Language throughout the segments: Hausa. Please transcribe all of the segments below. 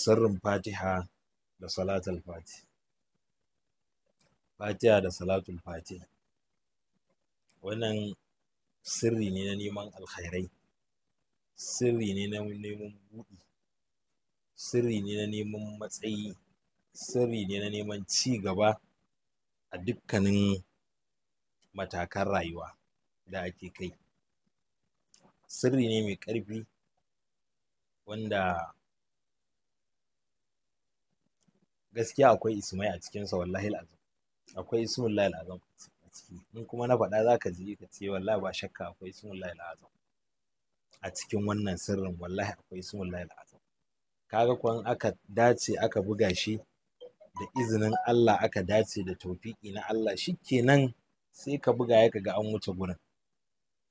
sirrin fatiha da salatul fati fatiha da salatul fati wannan sirri ne na neman alkhairai sirri ne na neman buɗi sirri ne na neman matsayi sirri ne na neman ci gaba a dukkanin matakan rayuwa da ake kai sirri ne mai ƙarfi wanda gaskiya akwai ismai a cikinsa wallahi al'azam akwai ismun lahil azam a ciki in kuma na faɗa za ka ji ka ce wallahi ba shakka akwai ismun lahil azam a cikin wannan sirrin wallahi akwai ismun lahil azam kaga kuwa aka dace aka buga shi da izinin Allah aka dace da taufiki na Allah shikenan sai ka buga ya kaga an wuce gurin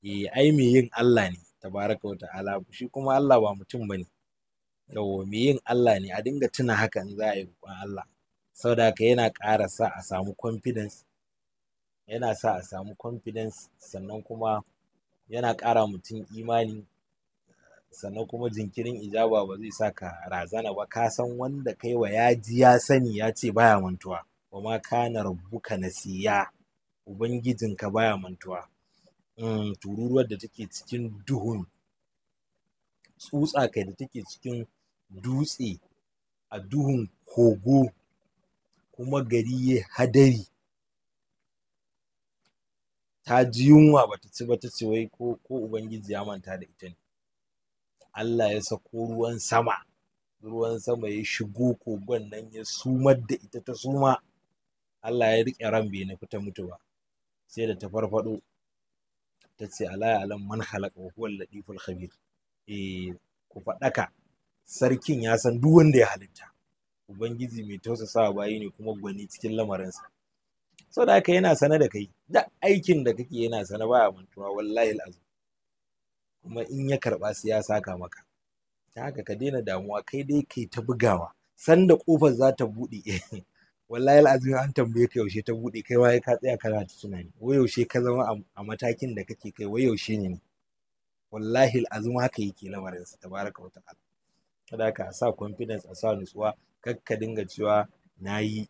eh ai me yin Allah ne tabaraka wa ta'ala shi kuma Allah ba mutum bane yawo me yin Allah ne a dinga tuna haka in za a yi roƙon Allah saboda haka yana ƙara sa a samu confidence yana sa a samu confidence sannan kuma yana ƙara mutum imani sannan kuma jinkirin ijaba ba zai sa ka razana ba ka san wanda kai wa ya ji ya sani ya ce baya mantuwa wa ma kana rabbuka nasiya ubangijinka baya mantuwa mm, tururuwar da take cikin duhun tsutsa kai da take cikin dutse a duhun kogo kuma gari ya hadari ta ji yunwa ba ta ci ba ta ce wai ko ko ubangiji ya manta da ita ne Allah ya sako ruwan sama ruwan sama ya shigo kogon nan ya sumar da ita ta suma Allah ya riƙe ran bai na fita mutu ba sai da ta farfaɗo ta ce ala ya alam man halaka wa huwa al khabir eh ku faɗaka sarkin ya san duk wanda ya halitta ubangiji mai tausasa bayi ne kuma gwani cikin lamarinsa sau da haka yana sane da kai da aikin da kake yana sane baya mantuwa wallahi azum kuma in ya karba su ya saka maka ta haka ka daina damuwa kai dai kai ta bugawa sanda kofar za ta buɗe wallahi azumi an tambaye ka yaushe ta buɗe kai waye ka tsaya kana ta tunani wai yaushe ka zama a matakin da kake kai wai yaushe ne wallahi azumi haka yake lamarin sa tabaraka wa ta'ala kada ka sa confidence a sa nutsuwa kar ka dinga cewa na yi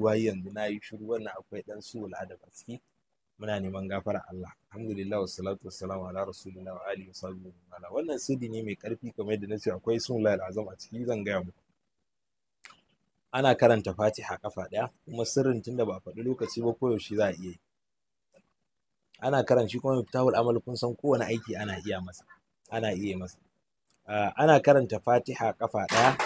wai yanzu nayi shiru na akwai dan su adab a ciki muna neman gafara Allah alhamdulillah wassalatu wassalamu ala rasulillahi wa alihi wasallam wannan sirri ne mai karfi kamar yadda nace akwai sunnah azam a ciki zan gaya muku ana karanta fatiha kafa ɗaya kuma sirrin tunda ba a faɗi lokaci ba ko yaushe za a iya yi ana karanci kuma miftahul amal kun san kowane aiki ana iya masa ana iya masa Ah, ana karanta fatiha kafa ɗaya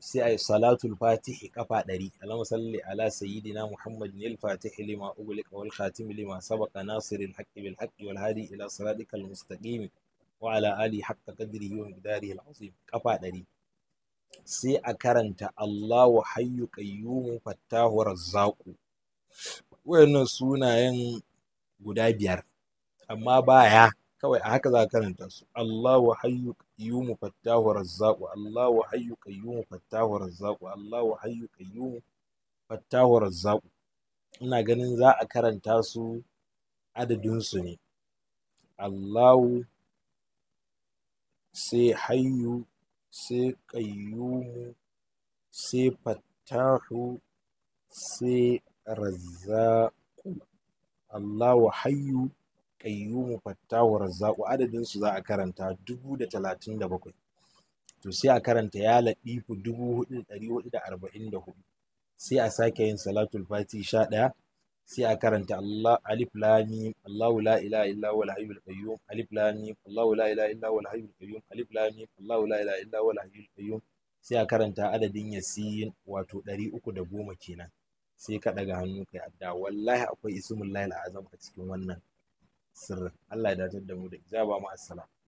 sai a yi salatul fatihi kafa ɗari allahumma salli ala sayyidina muhammadin al fatihi lima ughliqa wal khatimi lima sabaqa nasiril haqqi bil haqqi wal hadi ila siratikal mustaqim wa ala ali haqqa wa miqdarihi al azim kafa ɗari sai a karanta allahu hayyu qayyum fattahu wayannan sunayen guda biyar amma baya kawai a haka za ka karanta su Allahu hayyu qayyumu fattahu razzaqu Allahu hayyu qayyumu fattahu razzaqu Allahu hayyu qayyumu fattahu razzaqu ina ganin za a karanta su adadin su ne Allahu sai hayyu sai qayyumu sai fattahu sai razzaqu Allahu hayyu kayyumu fattawar razzaqu adadin su za a karanta dubu da talatin da bakwai to sai a karanta ya ladifu dubu hudu dari hudu da arba'in da hudu sai a sake yin salatul fati sha ɗaya sai a karanta Allah alif lami Allahu la ilaha illa huwa al qayyum alif lami Allahu la ilaha illa huwa al qayyum alif lami Allahu la ilaha illa huwa al qayyum sai a karanta adadin yasin wato 310 kenan sai ka daga hannu kai adda wallahi akwai ismullahi al-azam a cikin wannan sirrin Allah ya datar da mu da ijaba mu assalam